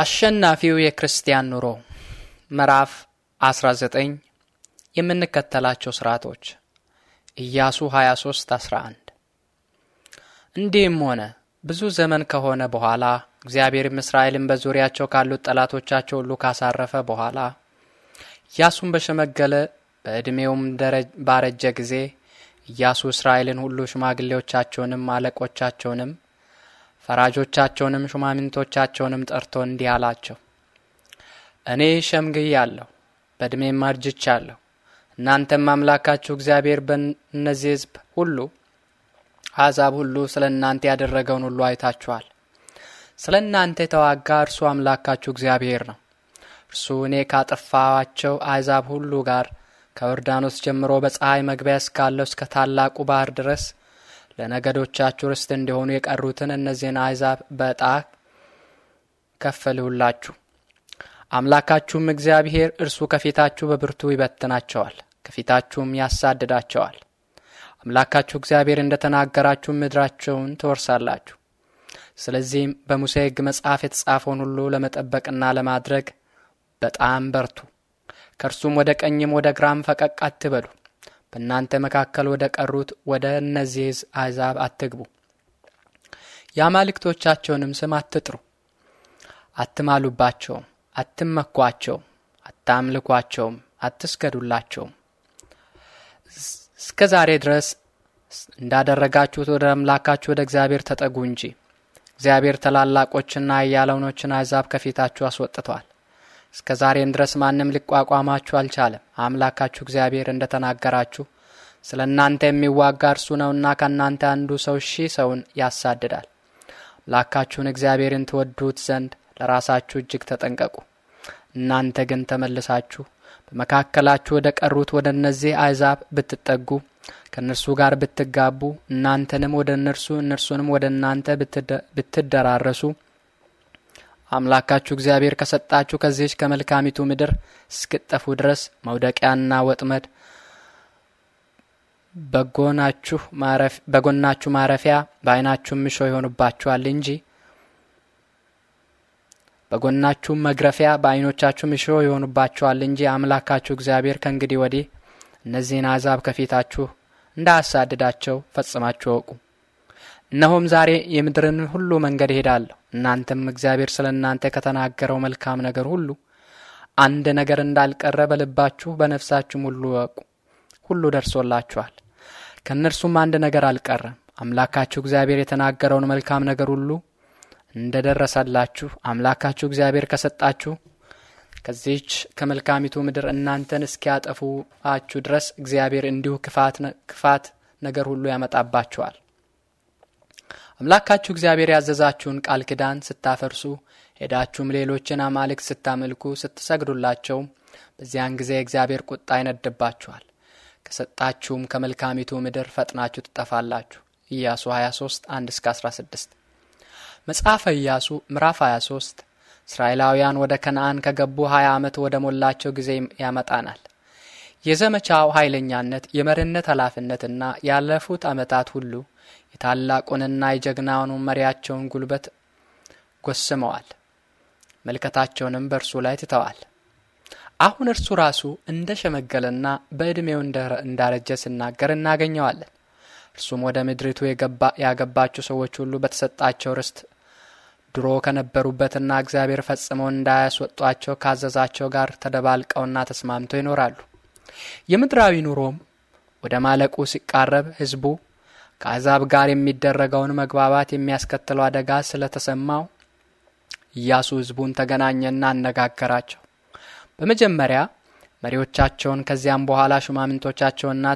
አሸናፊው የክርስቲያን ኑሮ ምዕራፍ 19 የምንከተላቸው ስርዓቶች ኢያሱ 23 11 እንዲህም ሆነ ብዙ ዘመን ከሆነ በኋላ እግዚአብሔርም እስራኤልን በዙሪያቸው ካሉት ጠላቶቻቸው ሁሉ ካሳረፈ በኋላ ኢያሱን በሸመገለ በዕድሜውም ባረጀ ጊዜ ኢያሱ እስራኤልን ሁሉ ሽማግሌዎቻቸውንም አለቆቻቸውንም ፈራጆቻቸውንም ሹማምንቶቻቸውንም ጠርቶ እንዲህ አላቸው፣ እኔ ሸምግያለሁ፣ በዕድሜም አርጅቻለሁ። እናንተም አምላካችሁ እግዚአብሔር በእነዚህ ሕዝብ ሁሉ አሕዛብ ሁሉ ስለ እናንተ ያደረገውን ሁሉ አይታችኋል። ስለ እናንተ የተዋጋ እርሱ አምላካችሁ እግዚአብሔር ነው። እርሱ እኔ ካጠፋዋቸው አሕዛብ ሁሉ ጋር ከዮርዳኖስ ጀምሮ በፀሐይ መግቢያ እስካለው እስከ ታላቁ ባህር ድረስ ለነገዶቻችሁ ርስት እንዲሆኑ የቀሩትን እነዚህን አሕዛብ በዕጣ ከፈልሁላችሁ። አምላካችሁም እግዚአብሔር እርሱ ከፊታችሁ በብርቱ ይበትናቸዋል፣ ከፊታችሁም ያሳድዳቸዋል። አምላካችሁ እግዚአብሔር እንደ ተናገራችሁ ምድራቸውን ትወርሳላችሁ። ስለዚህም በሙሴ ሕግ መጽሐፍ የተጻፈውን ሁሉ ለመጠበቅና ለማድረግ በጣም በርቱ። ከእርሱም ወደ ቀኝም ወደ ግራም ፈቀቅ አትበሉ። በእናንተ መካከል ወደ ቀሩት ወደ እነዚህ አሕዛብ አትግቡ፣ የአማልክቶቻቸውንም ስም አትጥሩ፣ አትማሉባቸውም፣ አትመኳቸውም፣ አታምልኳቸውም፣ አትስገዱላቸውም እስከ ዛሬ ድረስ እንዳደረጋችሁት ወደ አምላካችሁ ወደ እግዚአብሔር ተጠጉ እንጂ። እግዚአብሔር ታላላቆችና ኃያላኖችን አሕዛብ ከፊታችሁ አስወጥቷል። እስከ ዛሬም ድረስ ማንም ሊቋቋማችሁ አልቻለም። አምላካችሁ እግዚአብሔር እንደ ተናገራችሁ ስለ እናንተ የሚዋጋ እርሱ ነውና ከእናንተ አንዱ ሰው ሺህ ሰውን ያሳድዳል። አምላካችሁን እግዚአብሔርን ትወዱት ዘንድ ለራሳችሁ እጅግ ተጠንቀቁ። እናንተ ግን ተመልሳችሁ በመካከላችሁ ወደ ቀሩት ወደ እነዚህ አሕዛብ ብትጠጉ ከእነርሱ ጋር ብትጋቡ እናንተንም ወደ እነርሱ እነርሱንም ወደ እናንተ ብትደራረሱ አምላካችሁ እግዚአብሔር ከሰጣችሁ ከዚህች ከመልካሚቱ ምድር እስክጠፉ ድረስ መውደቂያና ወጥመድ በጎናችሁ ማረፊያ በዓይናችሁም ምሾ ይሆኑባችኋል እንጂ በጎናችሁ መግረፊያ በዓይኖቻችሁ ምሾ ይሆኑባችኋል እንጂ አምላካችሁ እግዚአብሔር ከእንግዲህ ወዲህ እነዚህን አሕዛብ ከፊታችሁ እንዳያሳድዳቸው ፈጽማችሁ እወቁ። እነሆም ዛሬ የምድርን ሁሉ መንገድ እሄዳለሁ፣ እናንተም እግዚአብሔር ስለ እናንተ ከተናገረው መልካም ነገር ሁሉ አንድ ነገር እንዳልቀረ በልባችሁ በነፍሳችሁም ሁሉ እወቁ። ሁሉ ደርሶላችኋል፣ ከእነርሱም አንድ ነገር አልቀረም። አምላካችሁ እግዚአብሔር የተናገረውን መልካም ነገር ሁሉ እንደ ደረሰላችሁ አምላካችሁ እግዚአብሔር ከሰጣችሁ ከዚች ከመልካሚቱ ምድር እናንተን እስኪያጠፉአችሁ ድረስ እግዚአብሔር እንዲሁ ክፋት ነገር ሁሉ ያመጣባችኋል። አምላካችሁ እግዚአብሔር ያዘዛችሁን ቃል ኪዳን ስታፈርሱ ሄዳችሁም ሌሎችን አማልክት ስታመልኩ ስትሰግዱላቸውም በዚያን ጊዜ እግዚአብሔር ቁጣ ይነድባችኋል፣ ከሰጣችሁም ከመልካሚቱ ምድር ፈጥናችሁ ትጠፋላችሁ። ኢያሱ 23 1 እስከ 16 መጽሐፈ ኢያሱ ምዕራፍ 23 እስራኤላውያን ወደ ከነአን ከገቡ 20 ዓመት ወደ ሞላቸው ጊዜ ያመጣናል። የዘመቻው ኃይለኛነት፣ የመሪነት ኃላፊነትና ያለፉት ዓመታት ሁሉ የታላቁንና የጀግናውን መሪያቸውን ጉልበት ጎስመዋል። መልከታቸውንም በእርሱ ላይ ትተዋል። አሁን እርሱ ራሱ እንደ ሸመገለና በዕድሜው እንዳረጀ ሲናገር እናገኘዋለን። እርሱም ወደ ምድሪቱ ያገባቸው ሰዎች ሁሉ በተሰጣቸው ርስት ድሮ ከነበሩበትና እግዚአብሔር ፈጽመው እንዳያስወጧቸው ካዘዛቸው ጋር ተደባልቀውና ተስማምተው ይኖራሉ። የምድራዊ ኑሮም ወደ ማለቁ ሲቃረብ ሕዝቡ ከአሕዛብ ጋር የሚደረገውን መግባባት የሚያስከትለው አደጋ ስለተሰማው ኢያሱ ሕዝቡን ተገናኘና አነጋገራቸው። በመጀመሪያ መሪዎቻቸውን ከዚያም በኋላ ሹማምንቶቻቸውና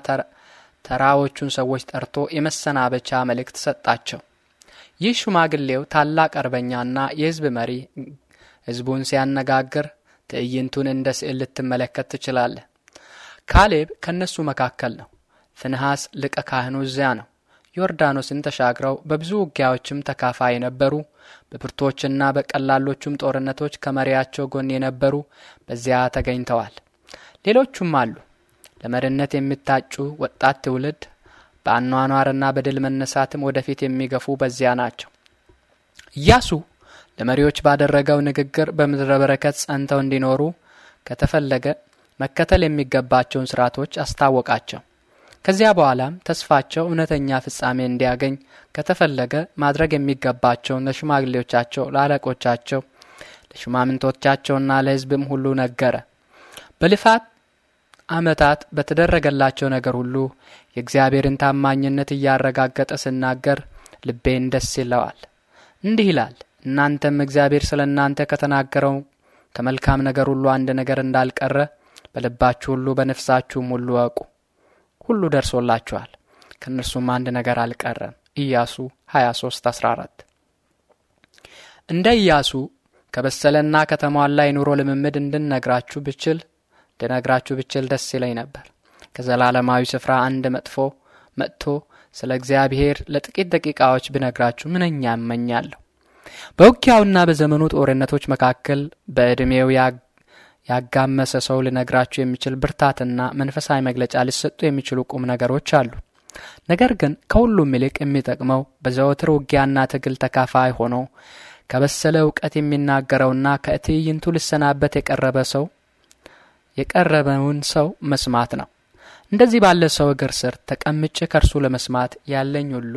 ተራዎቹን ሰዎች ጠርቶ የመሰናበቻ መልእክት ሰጣቸው። ይህ ሽማግሌው ታላቅ አርበኛና የሕዝብ መሪ ሕዝቡን ሲያነጋግር ትዕይንቱን እንደ ስዕል ልትመለከት ትችላለህ። ካሌብ ከእነሱ መካከል ነው። ፍንሐስ ልቀ ካህኑ እዚያ ነው። ዮርዳኖስን ተሻግረው በብዙ ውጊያዎችም ተካፋይ የነበሩ በብርቶችና በቀላሎቹም ጦርነቶች ከመሪያቸው ጎን የነበሩ በዚያ ተገኝተዋል። ሌሎቹም አሉ። ለመሪነት የሚታጩ ወጣት ትውልድ በአኗኗርና በድል መነሳትም ወደፊት የሚገፉ በዚያ ናቸው። ኢያሱ ለመሪዎች ባደረገው ንግግር በምድረ በረከት ጸንተው እንዲኖሩ ከተፈለገ መከተል የሚገባቸውን ስርዓቶች አስታወቃቸው። ከዚያ በኋላም ተስፋቸው እውነተኛ ፍጻሜ እንዲያገኝ ከተፈለገ ማድረግ የሚገባቸውን ለሽማግሌዎቻቸው፣ ለአለቆቻቸው፣ ለሽማምንቶቻቸውና ለሕዝብም ሁሉ ነገረ። በልፋት ዓመታት በተደረገላቸው ነገር ሁሉ የእግዚአብሔርን ታማኝነት እያረጋገጠ ሲናገር ልቤን ደስ ይለዋል። እንዲህ ይላል፣ እናንተም እግዚአብሔር ስለ እናንተ ከተናገረው ከመልካም ነገር ሁሉ አንድ ነገር እንዳልቀረ በልባችሁ ሁሉ በነፍሳችሁም ሁሉ እወቁ። ሁሉ ደርሶላቸዋል። ከእነርሱም አንድ ነገር አልቀረም። ኢያሱ 23 14 እንደ ኢያሱ ከበሰለና ከተሟላ ላይ ኑሮ ልምምድ እንድነግራችሁ ብችል እንድነግራችሁ ብችል ደስ ይለኝ ነበር። ከዘላለማዊ ስፍራ አንድ መጥፎ መጥቶ ስለ እግዚአብሔር ለጥቂት ደቂቃዎች ብነግራችሁ ምንኛ እመኛለሁ። በውጊያውና በዘመኑ ጦርነቶች መካከል በዕድሜው ያጋመሰ ሰው ሊነግራቸው የሚችል ብርታትና መንፈሳዊ መግለጫ ሊሰጡ የሚችሉ ቁም ነገሮች አሉ። ነገር ግን ከሁሉም ይልቅ የሚጠቅመው በዘወትር ውጊያና ትግል ተካፋይ ሆኖ ከበሰለ እውቀት የሚናገረውና ከትዕይንቱ ሊሰናበት የቀረበ ሰው የቀረበውን ሰው መስማት ነው። እንደዚህ ባለ ሰው እግር ስር ተቀምጬ ከእርሱ ለመስማት ያለኝ ሁሉ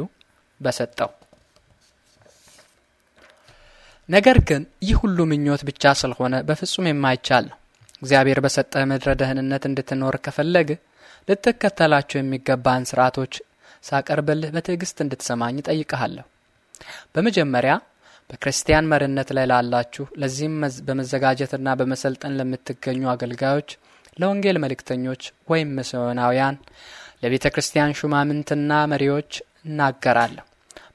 በሰጠው ነገር ግን ይህ ሁሉ ምኞት ብቻ ስለሆነ በፍጹም የማይቻል ነው። እግዚአብሔር በሰጠ ምድረ ደህንነት እንድትኖር ከፈለግ ልትከተላቸው የሚገባን ስርዓቶች ሳቀርብልህ በትዕግስት እንድትሰማኝ ጠይቀሃለሁ። በመጀመሪያ በክርስቲያን መሪነት ላይ ላላችሁ፣ ለዚህም በመዘጋጀትና በመሰልጠን ለምትገኙ አገልጋዮች፣ ለወንጌል መልእክተኞች ወይም ሚስዮናውያን፣ ለቤተ ክርስቲያን ሹማምንትና መሪዎች እናገራለሁ።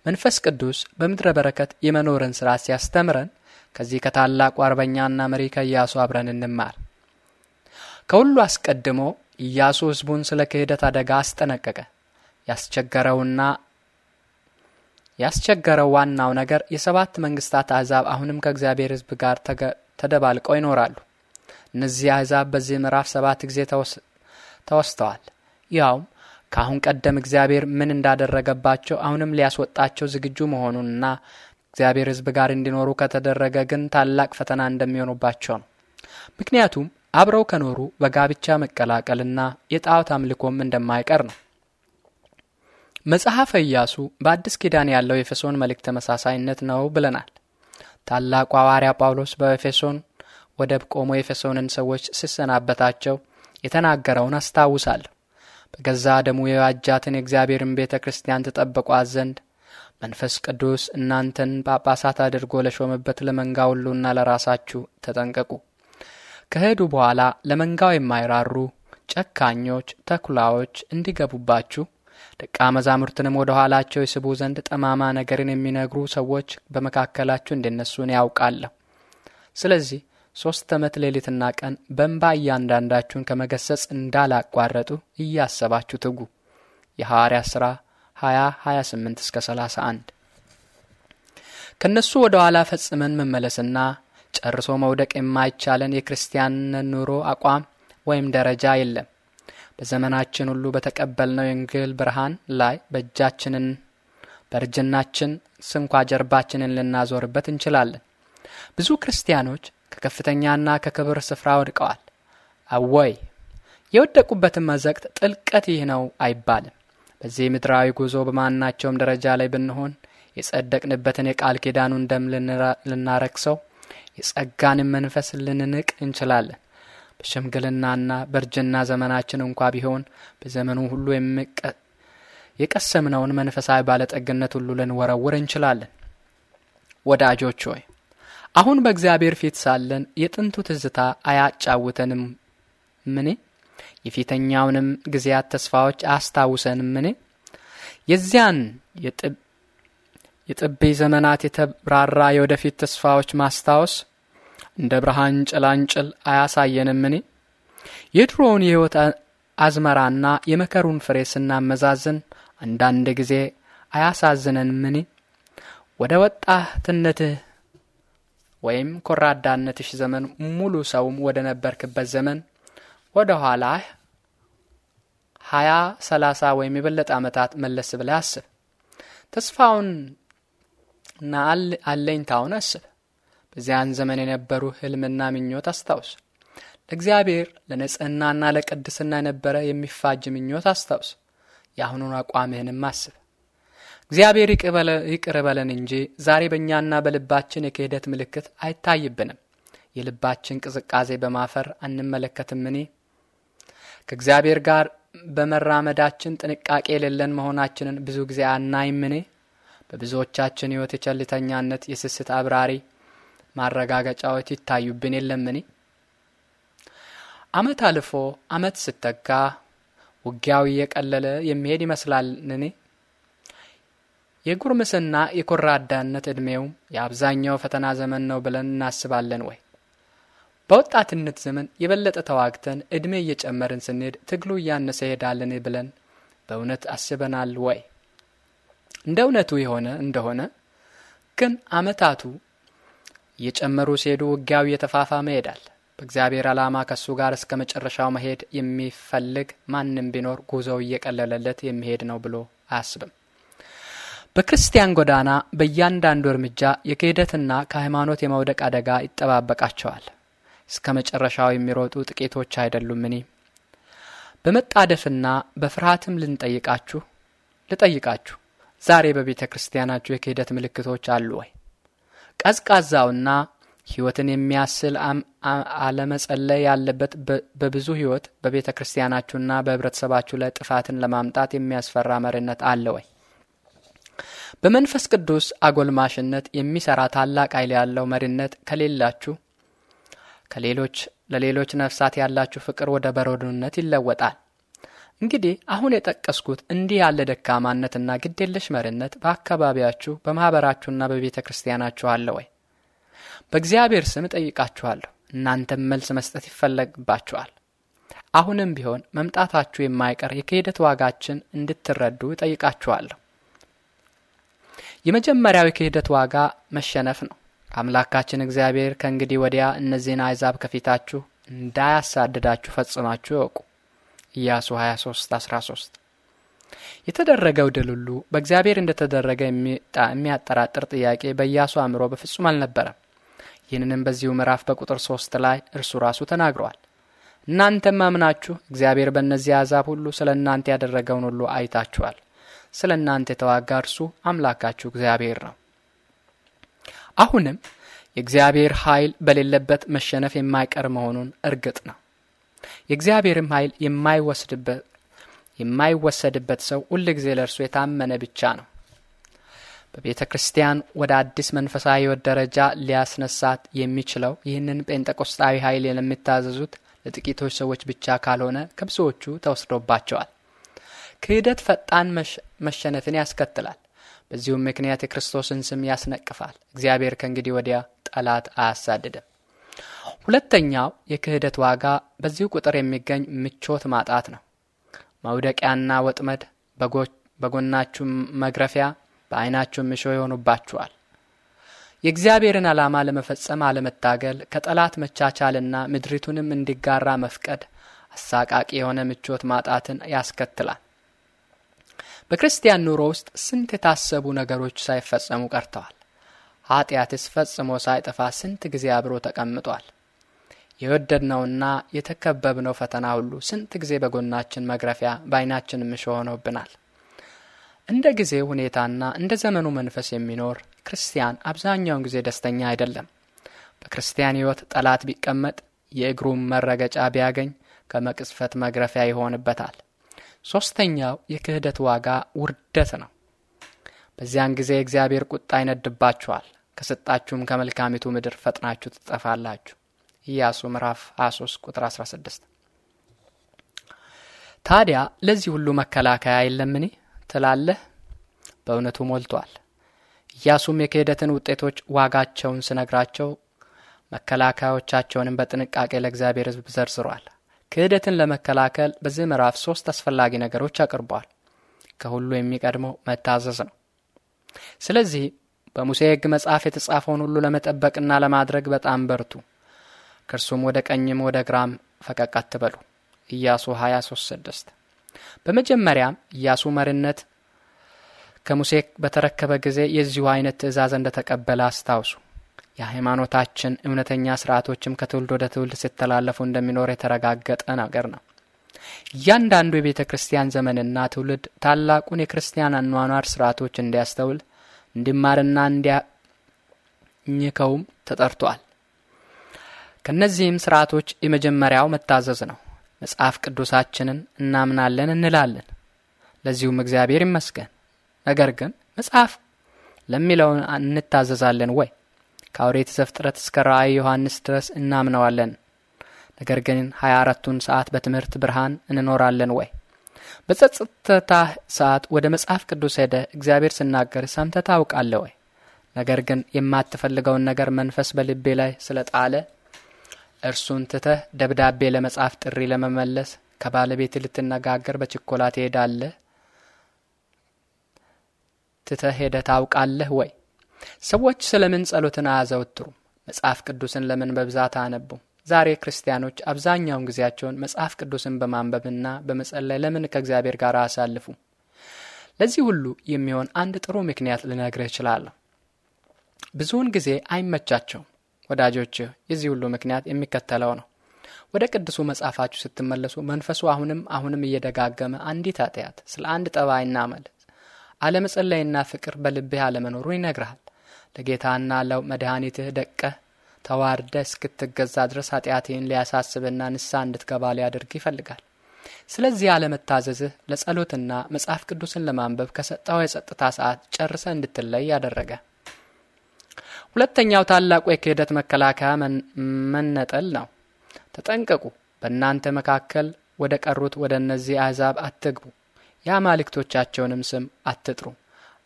መንፈስ ቅዱስ በምድረ በረከት የመኖርን ሥራ ሲያስተምረን ከዚህ ከታላቁ አርበኛና መሪ ከኢያሱ አብረን እንማር። ከሁሉ አስቀድሞ ኢያሱ ሕዝቡን ስለ ክህደት አደጋ አስጠነቀቀ። ያስቸገረውና ያስቸገረው ዋናው ነገር የሰባት መንግስታት አሕዛብ አሁንም ከእግዚአብሔር ሕዝብ ጋር ተደባልቀው ይኖራሉ። እነዚህ አሕዛብ በዚህ ምዕራፍ ሰባት ጊዜ ተወስተዋል። ያውም ከአሁን ቀደም እግዚአብሔር ምን እንዳደረገባቸው አሁንም ሊያስወጣቸው ዝግጁ መሆኑንና እግዚአብሔር ሕዝብ ጋር እንዲኖሩ ከተደረገ ግን ታላቅ ፈተና እንደሚሆኑባቸው ነው። ምክንያቱም አብረው ከኖሩ በጋብቻ መቀላቀልና የጣዖት አምልኮም እንደማይቀር ነው። መጽሐፈ ኢያሱ በአዲስ ኪዳን ያለው የኤፌሶን መልእክት ተመሳሳይነት ነው ብለናል። ታላቁ ሐዋርያ ጳውሎስ በኤፌሶን ወደብ ቆሞ የኤፌሶንን ሰዎች ሲሰናበታቸው የተናገረውን አስታውሳለሁ። በገዛ ደሙ የዋጃትን የእግዚአብሔርን ቤተ ክርስቲያን ትጠብቋት ዘንድ መንፈስ ቅዱስ እናንተን ጳጳሳት አድርጎ ለሾመበት ለመንጋ ሁሉና ለራሳችሁ ተጠንቀቁ። ከሄዱ በኋላ ለመንጋው የማይራሩ ጨካኞች ተኩላዎች እንዲገቡባችሁ ደቀ መዛሙርትንም ወደ ኋላቸው ይስቡ ዘንድ ጠማማ ነገርን የሚነግሩ ሰዎች በመካከላችሁ እንደነሱን ያውቃለሁ። ስለዚህ ሦስት ዓመት ሌሊትና ቀን በእንባ እያንዳንዳችሁን ከመገሰጽ እንዳላቋረጡ እያሰባችሁ ትጉ። የሐዋርያ ሥራ 20 28 እስከ 31 ከእነሱ ወደ ኋላ ፈጽመን መመለስና ጨርሶ መውደቅ የማይቻለን የክርስቲያን ኑሮ አቋም ወይም ደረጃ የለም። በዘመናችን ሁሉ በተቀበልነው የእንግል ብርሃን ላይ በእጃችንን በእርጅናችን ስንኳ ጀርባችንን ልናዞርበት እንችላለን። ብዙ ክርስቲያኖች ከከፍተኛና ከክብር ስፍራ ወድቀዋል። አወይ የወደቁበትን መዘቅት ጥልቀት ይህ ነው አይባልም። በዚህ ምድራዊ ጉዞ በማናቸውም ደረጃ ላይ ብንሆን የጸደቅንበትን የቃል ኪዳኑን ደም ልናረክሰው የጸጋንም መንፈስ ልንንቅ እንችላለን። በሽምግልናና በእርጅና ዘመናችን እንኳ ቢሆን በዘመኑ ሁሉ የቀሰምነውን መንፈሳዊ ባለጠግነት ሁሉ ልንወረውር እንችላለን። ወዳጆች ሆይ አሁን በእግዚአብሔር ፊት ሳለን የጥንቱ ትዝታ አያጫውተንም ምን? የፊተኛውንም ጊዜያት ተስፋዎች አያስታውሰንም ምን? የዚያን የጥቤ ዘመናት የተብራራ የወደፊት ተስፋዎች ማስታወስ እንደ ብርሃን ጭላንጭል አያሳየንም ምን? የድሮውን የሕይወት አዝመራና የመከሩን ፍሬ ስናመዛዝን አንዳንድ ጊዜ አያሳዝነን ምን? ወደ ወጣትነትህ ወይም ኮራዳነትሽ ዘመን ሙሉ ሰውም ወደ ነበርክበት ዘመን ወደ ኋላህ ሀያ ሰላሳ ወይም የበለጠ ዓመታት መለስ ብለህ አስብ። ተስፋውንና አለኝታውን አስብ። በዚያን ዘመን የነበሩ ህልምና ምኞት አስታውስ። ለእግዚአብሔር ለንጽህናና ለቅድስና የነበረ የሚፋጅ ምኞት አስታውስ። የአሁኑን አቋምህንም አስብ። እግዚአብሔር ይቅር በለን እንጂ ዛሬ በእኛና በልባችን የክህደት ምልክት አይታይብንም። የልባችን ቅዝቃዜ በማፈር አንመለከትም። እኔ ከእግዚአብሔር ጋር በመራመዳችን ጥንቃቄ የሌለን መሆናችንን ብዙ ጊዜ አናይም። እኔ በብዙዎቻችን ሕይወት የቸልተኛነት የስስት አብራሪ ማረጋገጫዎች ይታዩብን የለምኔ አመት አልፎ አመት ስተጋ ውጊያው እየቀለለ የሚሄድ ይመስላል። እኔ የጉርምስና የኮራዳነት ዕድሜው የአብዛኛው ፈተና ዘመን ነው ብለን እናስባለን ወይ? በወጣትነት ዘመን የበለጠ ተዋግተን ዕድሜ እየጨመርን ስንሄድ ትግሉ እያነሰ ይሄዳልን ብለን በእውነት አስበናል ወይ? እንደ እውነቱ የሆነ እንደሆነ ግን ዓመታቱ እየጨመሩ ሲሄዱ ውጊያው እየተፋፋመ ይሄዳል። በእግዚአብሔር ዓላማ ከእሱ ጋር እስከ መጨረሻው መሄድ የሚፈልግ ማንም ቢኖር ጉዞው እየቀለለለት የሚሄድ ነው ብሎ አያስብም። በክርስቲያን ጎዳና በእያንዳንዱ እርምጃ የክህደትና ከሃይማኖት የመውደቅ አደጋ ይጠባበቃቸዋል። እስከ መጨረሻው የሚሮጡ ጥቂቶች አይደሉም። እኔ በመጣደፍና በፍርሃትም ልንጠይቃችሁ ልጠይቃችሁ ዛሬ በቤተ ክርስቲያናችሁ የክህደት ምልክቶች አሉ ወይ? ቀዝቃዛውና ሕይወትን የሚያስል አለመጸለይ ያለበት በብዙ ሕይወት በቤተ ክርስቲያናችሁና በህብረተሰባችሁ ላይ ጥፋትን ለማምጣት የሚያስፈራ መሪነት አለ ወይ? በመንፈስ ቅዱስ አጎልማሽነት የሚሰራ ታላቅ ኃይል ያለው መሪነት ከሌላችሁ ከሌሎች ለሌሎች ነፍሳት ያላችሁ ፍቅር ወደ በረዶነት ይለወጣል። እንግዲህ አሁን የጠቀስኩት እንዲህ ያለ ደካማነትና ግዴለሽ መሪነት በአካባቢያችሁ በማኅበራችሁና በቤተ ክርስቲያናችሁ አለ ወይ? በእግዚአብሔር ስም እጠይቃችኋለሁ። እናንተም መልስ መስጠት ይፈለግባችኋል። አሁንም ቢሆን መምጣታችሁ የማይቀር የክህደት ዋጋችን እንድትረዱ እጠይቃችኋለሁ። የመጀመሪያው የክህደት ዋጋ መሸነፍ ነው። አምላካችን እግዚአብሔር ከእንግዲህ ወዲያ እነዚህን አሕዛብ ከፊታችሁ እንዳያሳድዳችሁ ፈጽማችሁ እወቁ። ኢያሱ 23 13 የተደረገው ድል ሁሉ በእግዚአብሔር እንደተደረገ የሚያጠራጥር ጥያቄ በኢያሱ አእምሮ በፍጹም አልነበረም። ይህንንም በዚሁ ምዕራፍ በቁጥር ሶስት ላይ እርሱ ራሱ ተናግረዋል። እናንተም አምናችሁ እግዚአብሔር በእነዚህ አሕዛብ ሁሉ ስለ እናንተ ያደረገውን ሁሉ አይታችኋል። ስለ እናንተ የተዋጋ እርሱ አምላካችሁ እግዚአብሔር ነው። አሁንም የእግዚአብሔር ኃይል በሌለበት መሸነፍ የማይቀር መሆኑን እርግጥ ነው። የእግዚአብሔርም ኃይል የማይወሰድበት ሰው ሁል ጊዜ ለእርሱ የታመነ ብቻ ነው። በቤተ ክርስቲያን ወደ አዲስ መንፈሳዊ ሕይወት ደረጃ ሊያስነሳት የሚችለው ይህንን ጴንጠቆስጣዊ ኃይል ለሚታዘዙት ለጥቂቶች ሰዎች ብቻ ካልሆነ ከብዙዎቹ ተወስዶባቸዋል። ክህደት ፈጣን መሸነፍን ያስከትላል። በዚሁም ምክንያት የክርስቶስን ስም ያስነቅፋል። እግዚአብሔር ከእንግዲህ ወዲያ ጠላት አያሳድድም። ሁለተኛው የክህደት ዋጋ በዚሁ ቁጥር የሚገኝ ምቾት ማጣት ነው። መውደቂያና ወጥመድ፣ በጎናችሁ መግረፊያ፣ በዓይናችሁ ምሾ ይሆኑባችኋል። የእግዚአብሔርን ዓላማ ለመፈጸም አለመታገል፣ ከጠላት መቻቻልና ምድሪቱንም እንዲጋራ መፍቀድ አሳቃቂ የሆነ ምቾት ማጣትን ያስከትላል። በክርስቲያን ኑሮ ውስጥ ስንት የታሰቡ ነገሮች ሳይፈጸሙ ቀርተዋል። ኃጢአትስ ፈጽሞ ሳይጠፋ ስንት ጊዜ አብሮ ተቀምጧል። የወደድነውና የተከበብነው ፈተና ሁሉ ስንት ጊዜ በጎናችን መግረፊያ፣ በዓይናችን ምሽ ሆኖብናል። እንደ ጊዜ ሁኔታና እንደ ዘመኑ መንፈስ የሚኖር ክርስቲያን አብዛኛውን ጊዜ ደስተኛ አይደለም። በክርስቲያን ሕይወት ጠላት ቢቀመጥ፣ የእግሩም መረገጫ ቢያገኝ ከመቅስፈት መግረፊያ ይሆንበታል። ሦስተኛው የክህደት ዋጋ ውርደት ነው። በዚያን ጊዜ እግዚአብሔር ቁጣ ይነድባችኋል፣ ከሰጣችሁም ከመልካሚቱ ምድር ፈጥናችሁ ትጠፋላችሁ። ኢያሱ ምዕራፍ 23 ቁጥር 16። ታዲያ ለዚህ ሁሉ መከላከያ የለምን ትላለህ? በእውነቱ ሞልቷል። ኢያሱም የክህደትን ውጤቶች ዋጋቸውን ስነግራቸው መከላከያዎቻቸውንም በጥንቃቄ ለእግዚአብሔር ሕዝብ ዘርዝሯል። ክህደትን ለመከላከል በዚህ ምዕራፍ ሶስት አስፈላጊ ነገሮች አቅርቧል። ከሁሉ የሚቀድመው መታዘዝ ነው። ስለዚህ በሙሴ ሕግ መጽሐፍ የተጻፈውን ሁሉ ለመጠበቅና ለማድረግ በጣም በርቱ፣ ከእርሱም ወደ ቀኝም ወደ ግራም ፈቀቅ አትበሉ። ኢያሱ 23፥6 በመጀመሪያም ኢያሱ መሪነት ከሙሴ በተረከበ ጊዜ የዚሁ አይነት ትእዛዝ እንደተቀበለ አስታውሱ። የሃይማኖታችን እውነተኛ ስርዓቶችም ከትውልድ ወደ ትውልድ ሲተላለፉ እንደሚኖር የተረጋገጠ ነገር ነው። እያንዳንዱ የቤተ ክርስቲያን ዘመንና ትውልድ ታላቁን የክርስቲያን አኗኗር ስርዓቶች እንዲያስተውል እንዲማርና እንዲያኝከውም ተጠርቷል። ከእነዚህም ስርዓቶች የመጀመሪያው መታዘዝ ነው። መጽሐፍ ቅዱሳችንን እናምናለን እንላለን፣ ለዚሁም እግዚአብሔር ይመስገን። ነገር ግን መጽሐፍ ለሚለውን እንታዘዛለን ወይ? ከአውሬ ትዘፍ ጥረት እስከ ራእይ ዮሐንስ ድረስ እናምነዋለን። ነገር ግን ሀያ አራቱን ሰዓት በትምህርት ብርሃን እንኖራለን ወይ? በጸጥታ ሰዓት ወደ መጽሐፍ ቅዱስ ሄደ እግዚአብሔር ስናገር ሰምተ ታውቃለህ ወይ? ነገር ግን የማትፈልገውን ነገር መንፈስ በልቤ ላይ ስለጣለ እርሱን ትተህ ደብዳቤ ለመጻፍ ጥሪ ለመመለስ ከባለቤት ልትነጋገር በችኮላ ትሄዳለህ። ትተህ ሄደ ታውቃለህ ወይ? ሰዎች ስለምን ጸሎትን አያዘወትሩም? መጽሐፍ ቅዱስን ለምን በብዛት አያነቡም? ዛሬ ክርስቲያኖች አብዛኛውን ጊዜያቸውን መጽሐፍ ቅዱስን በማንበብና በመጸለይ ለምን ከእግዚአብሔር ጋር አያሳልፉ? ለዚህ ሁሉ የሚሆን አንድ ጥሩ ምክንያት ልነግር እችላለሁ። ብዙውን ጊዜ አይመቻቸውም። ወዳጆች፣ የዚህ ሁሉ ምክንያት የሚከተለው ነው። ወደ ቅዱሱ መጽሐፋችሁ ስትመለሱ መንፈሱ አሁንም አሁንም እየደጋገመ አንዲት ኃጢአት ስለ አንድ ጠባይና መለስ አለመጸለይና ፍቅር በልብህ አለመኖሩ ይነግርሃል። ለጌታና ለመድኃኒትህ ደቀህ ተዋርደ እስክትገዛ ድረስ ኃጢአቴን ሊያሳስብና ንስሐ እንድትገባ ሊያደርግ ይፈልጋል። ስለዚህ አለመታዘዝህ ለጸሎትና መጽሐፍ ቅዱስን ለማንበብ ከሰጠው የጸጥታ ሰዓት ጨርሰ እንድትለይ ያደረገ። ሁለተኛው ታላቁ የክህደት መከላከያ መነጠል ነው። ተጠንቀቁ፣ በእናንተ መካከል ወደ ቀሩት ወደ እነዚህ አሕዛብ አትግቡ፣ የአማልክቶቻቸውንም ስም አትጥሩ፣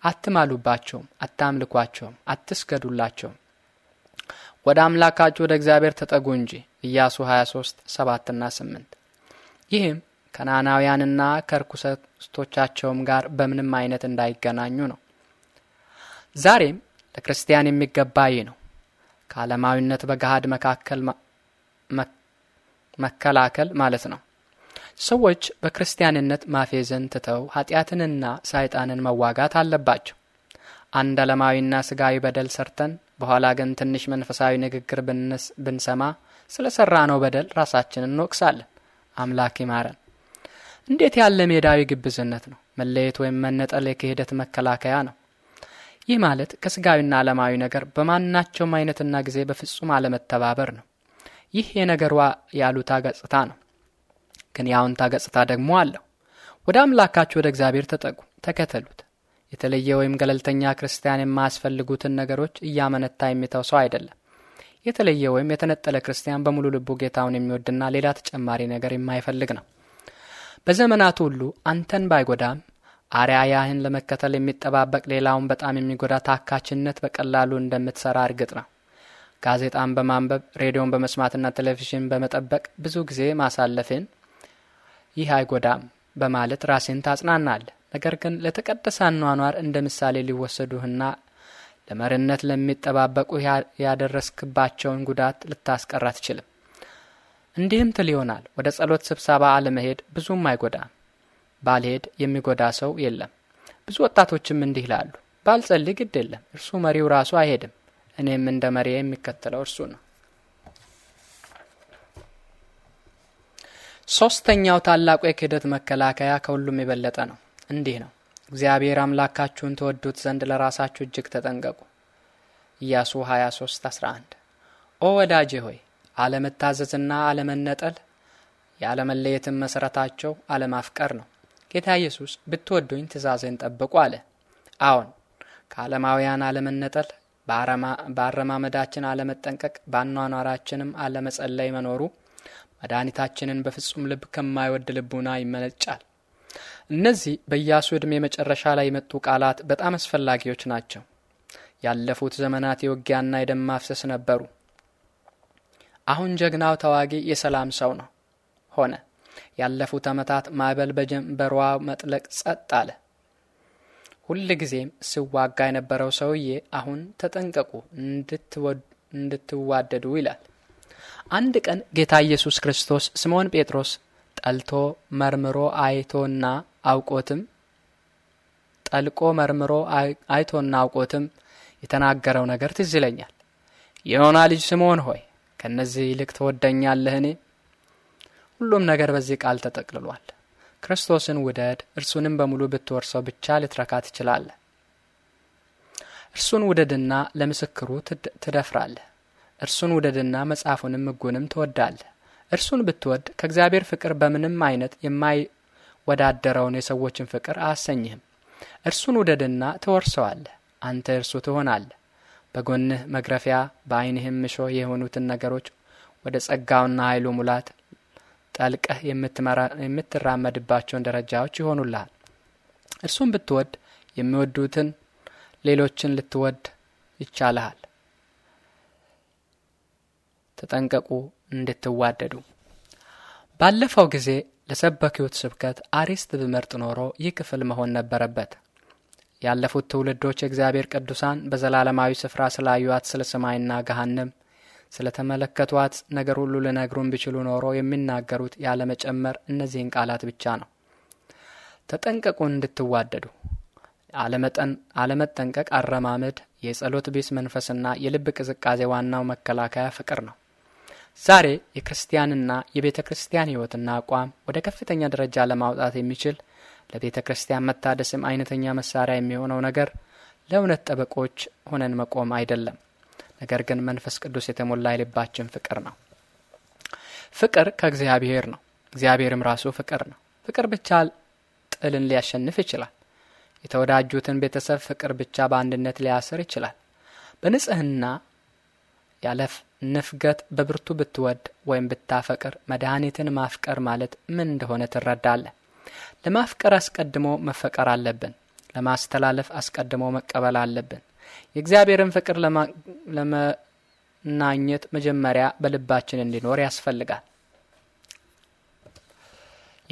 አትማሉባቸውም፣ አታምልኳቸውም፣ አትስገዱላቸውም። ወደ አምላካችሁ ወደ እግዚአብሔር ተጠጉ እንጂ ኢያሱ 23 7ና 8። ይህም ከናናውያንና ከርኩሰቶቻቸውም ጋር በምንም አይነት እንዳይገናኙ ነው። ዛሬም ለክርስቲያን የሚገባ ይህ ነው። ከዓለማዊነት በገሃድ መካከል መከላከል ማለት ነው። ሰዎች በክርስቲያንነት ማፌዝን ትተው ኃጢአትንና ሰይጣንን መዋጋት አለባቸው። አንድ ዓለማዊና ሥጋዊ በደል ሰርተን በኋላ ግን ትንሽ መንፈሳዊ ንግግር ብንሰማ ስለ ሠራነው በደል ራሳችንን እንወቅሳለን። አምላክ ይማረን። እንዴት ያለ ሜዳዊ ግብዝነት ነው! መለየት ወይም መነጠል የክህደት መከላከያ ነው። ይህ ማለት ከሥጋዊና ዓለማዊ ነገር በማናቸውም አይነትና ጊዜ በፍጹም አለመተባበር ነው። ይህ የነገሯ ያሉታ ገጽታ ነው። ግን የአዎንታ ገጽታ ደግሞ አለው። ወደ አምላካችሁ ወደ እግዚአብሔር ተጠጉ፣ ተከተሉት። የተለየ ወይም ገለልተኛ ክርስቲያን የማያስፈልጉትን ነገሮች እያመነታ የሚተው ሰው አይደለም። የተለየ ወይም የተነጠለ ክርስቲያን በሙሉ ልቡ ጌታውን የሚወድና ሌላ ተጨማሪ ነገር የማይፈልግ ነው። በዘመናቱ ሁሉ አንተን ባይጎዳም አርአያህን ለመከተል የሚጠባበቅ ሌላውን በጣም የሚጎዳ ታካችነት በቀላሉ እንደምትሰራ እርግጥ ነው። ጋዜጣን በማንበብ ሬዲዮን በመስማትና ቴሌቪዥን በመጠበቅ ብዙ ጊዜ ማሳለፍን ይህ አይጎዳም በማለት ራሴን ታጽናናል። ነገር ግን ለተቀደሰ አኗኗር እንደ ምሳሌ ሊወሰዱህና ለመሪነት ለሚጠባበቁ ያደረስክባቸውን ጉዳት ልታስቀር አትችልም። እንዲህም ትል ይሆናል ወደ ጸሎት ስብሰባ አለመሄድ ብዙም አይጎዳም፣ ባልሄድ የሚጎዳ ሰው የለም። ብዙ ወጣቶችም እንዲህ ይላሉ፣ ባልጸልይ ግድ የለም፣ እርሱ መሪው ራሱ አይሄድም፣ እኔም እንደ መሪ የሚከተለው እርሱ ነው። ሶስተኛው ታላቁ የክህደት መከላከያ ከሁሉም የበለጠ ነው። እንዲህ ነው፣ እግዚአብሔር አምላካችሁን ተወዱት ዘንድ ለራሳችሁ እጅግ ተጠንቀቁ። ኢያሱ 23 11 ኦ ወዳጄ ሆይ አለመታዘዝና አለመነጠል የአለመለየትን መሠረታቸው አለማፍቀር ነው። ጌታ ኢየሱስ ብትወዱኝ ትእዛዜን ጠብቁ አለ። አዎን ከዓለማውያን አለመነጠል፣ በአረማመዳችን አለመጠንቀቅ፣ በአኗኗራችንም አለመጸለይ መኖሩ መድኃኒታችንን በፍጹም ልብ ከማይወድ ልቡና ይመነጫል። እነዚህ በኢያሱ ዕድሜ መጨረሻ ላይ የመጡ ቃላት በጣም አስፈላጊዎች ናቸው። ያለፉት ዘመናት የውጊያና የደም ማፍሰስ ነበሩ። አሁን ጀግናው ተዋጊ የሰላም ሰው ነው ሆነ። ያለፉት ዓመታት ማዕበል በጀንበሯ መጥለቅ ጸጥ አለ። ሁል ጊዜም ሲዋጋ የነበረው ሰውዬ አሁን ተጠንቀቁ እንድትዋደዱ ይላል። አንድ ቀን ጌታ ኢየሱስ ክርስቶስ ስምዖን ጴጥሮስ ጠልቶ መርምሮ አይቶና አውቆትም ጠልቆ መርምሮ አይቶና አውቆትም የተናገረው ነገር ትዝ ይለኛል። የዮና ልጅ ስምዖን ሆይ ከእነዚህ ይልቅ ትወደኛለህን? ሁሉም ነገር በዚህ ቃል ተጠቅልሏል። ክርስቶስን ውደድ፣ እርሱንም በሙሉ ብትወርሰው ብቻ ልትረካ ትችላለህ። እርሱን ውደድና ለምስክሩ ትደፍራለህ። እርሱን ውደድና መጽሐፉንም ሕጉንም ትወዳለህ። እርሱን ብትወድ ከእግዚአብሔር ፍቅር በምንም አይነት የማይወዳደረውን የሰዎችን ፍቅር አያሰኝህም። እርሱን ውደድና ትወርሰዋለህ፣ አንተ እርሱ ትሆናል በጎንህ መግረፊያ በዓይንህም እሾህ የሆኑትን ነገሮች ወደ ጸጋውና ኃይሉ ሙላት ጠልቀህ የምትራመድባቸውን ደረጃዎች ይሆኑልሃል። እርሱን ብትወድ የሚወዱትን ሌሎችን ልትወድ ይቻልሃል። ተጠንቀቁ እንድትዋደዱ። ባለፈው ጊዜ ለሰበክሁት ስብከት አሪስት ብመርጥ ኖሮ ይህ ክፍል መሆን ነበረበት። ያለፉት ትውልዶች የእግዚአብሔር ቅዱሳን በዘላለማዊ ስፍራ ስላዩዋት ስለ ሰማይና ገሃንም ስለ ተመለከቷት ነገር ሁሉ ልነግሩን ቢችሉ ኖሮ የሚናገሩት ያለመጨመር እነዚህን ቃላት ብቻ ነው። ተጠንቀቁን እንድትዋደዱ። አለመጠንቀቅ አረማመድ፣ የጸሎት ቢስ መንፈስና የልብ ቅዝቃዜ ዋናው መከላከያ ፍቅር ነው። ዛሬ የክርስቲያንና የቤተ ክርስቲያን ሕይወትና አቋም ወደ ከፍተኛ ደረጃ ለማውጣት የሚችል ለቤተ ክርስቲያን መታደስም አይነተኛ መሳሪያ የሚሆነው ነገር ለእውነት ጠበቆች ሆነን መቆም አይደለም፣ ነገር ግን መንፈስ ቅዱስ የተሞላ የልባችን ፍቅር ነው። ፍቅር ከእግዚአብሔር ነው። እግዚአብሔርም ራሱ ፍቅር ነው። ፍቅር ብቻ ጥልን ሊያሸንፍ ይችላል። የተወዳጁትን ቤተሰብ ፍቅር ብቻ በአንድነት ሊያስር ይችላል። በንጽህና ያለፍ ንፍገት በብርቱ ብትወድ ወይም ብታፈቅር መድኃኒትን ማፍቀር ማለት ምን እንደሆነ ትረዳለህ። ለማፍቀር አስቀድሞ መፈቀር አለብን። ለማስተላለፍ አስቀድሞ መቀበል አለብን። የእግዚአብሔርን ፍቅር ለመናኘት መጀመሪያ በልባችን እንዲኖር ያስፈልጋል።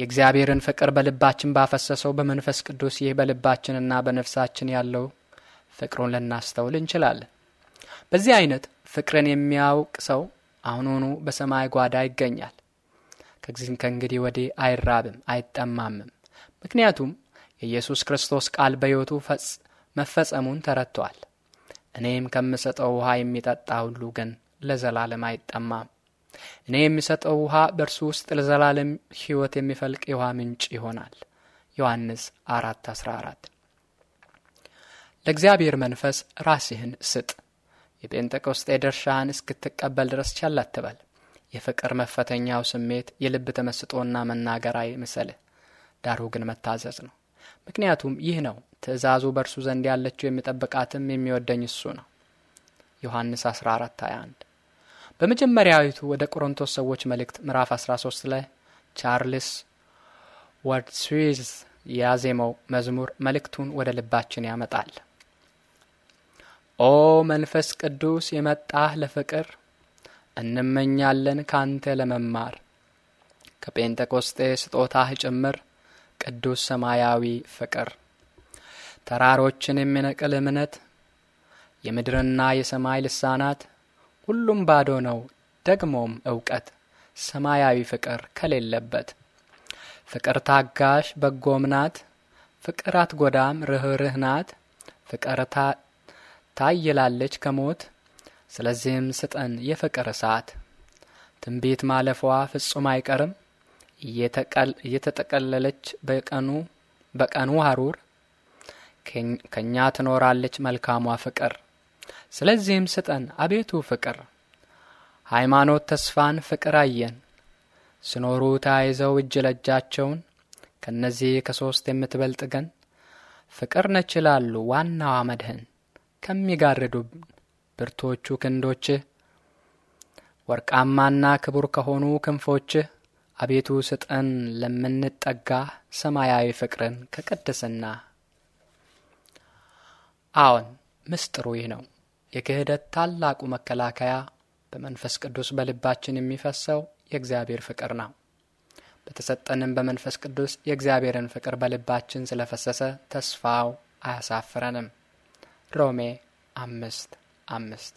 የእግዚአብሔርን ፍቅር በልባችን ባፈሰሰው በመንፈስ ቅዱስ ይህ በልባችንና በነፍሳችን ያለው ፍቅሩን ልናስተውል እንችላለን። በዚህ አይነት ፍቅርን የሚያውቅ ሰው አሁኑኑ በሰማይ ጓዳ ይገኛል። ከዚህም ከእንግዲህ ወዲህ አይራብም አይጠማምም። ምክንያቱም የኢየሱስ ክርስቶስ ቃል በሕይወቱ መፈጸሙን ተረድቷል። እኔም ከምሰጠው ውሃ የሚጠጣ ሁሉ ግን ለዘላለም አይጠማም። እኔ የሚሰጠው ውሃ በእርሱ ውስጥ ለዘላለም ሕይወት የሚፈልቅ የውሃ ምንጭ ይሆናል። ዮሐንስ አራት አስራ አራት ለእግዚአብሔር መንፈስ ራስህን ስጥ። የጴንጤቆስጤ ድርሻህን እስክትቀበል ድረስ ቸል አትበል። የፍቅር መፈተኛው ስሜት የልብ ተመስጦና መናገር አይምሰልህ፣ ዳሩ ግን መታዘዝ ነው። ምክንያቱም ይህ ነው ትእዛዙ በእርሱ ዘንድ ያለችው የሚጠብቃትም የሚወደኝ እሱ ነው። ዮሐንስ 14:21 በመጀመሪያዊቱ ወደ ቆሮንቶስ ሰዎች መልእክት ምዕራፍ 13 ላይ ቻርልስ ወርድስዊዝ ያዜመው መዝሙር መልእክቱን ወደ ልባችን ያመጣል። ኦ መንፈስ ቅዱስ የመጣህ ለፍቅር እንመኛለን ካንተ ለመማር ከጴንጠቆስጤ ስጦታህ ጭምር ቅዱስ ሰማያዊ ፍቅር ተራሮችን የሚነቅል እምነት የምድርና የሰማይ ልሳናት ሁሉም ባዶ ነው ደግሞም እውቀት ሰማያዊ ፍቅር ከሌለበት ፍቅር ታጋሽ በጎም ናት ፍቅር አትጎዳም ርኅርህ ናት ፍቅር ታየላለች ከሞት ስለዚህም ስጠን የፍቅር እሳት። ትንቢት ማለፏ ፍጹም አይቀርም እየተጠቀለለች በቀኑ በቀኑ ሐሩር ከእኛ ትኖራለች መልካሟ ፍቅር። ስለዚህም ስጠን አቤቱ ፍቅር። ሃይማኖት ተስፋን ፍቅር አየን ስኖሩ ተያይዘው እጅ ለእጃቸውን ከእነዚህ ከሦስት የምትበልጥ ግን ፍቅር ነችላሉ ዋናዋ መድህን ከሚጋርዱ ብርቶቹ ክንዶችህ ወርቃማና ክቡር ከሆኑ ክንፎችህ አቤቱ ስጠን ለምንጠጋ ሰማያዊ ፍቅርን ከቅድስና። አዎን ምስጢሩ ይህ ነው። የክህደት ታላቁ መከላከያ በመንፈስ ቅዱስ በልባችን የሚፈሰው የእግዚአብሔር ፍቅር ነው። በተሰጠንም በመንፈስ ቅዱስ የእግዚአብሔርን ፍቅር በልባችን ስለፈሰሰ ተስፋው አያሳፍረንም። ሮሜ አምስት አምስት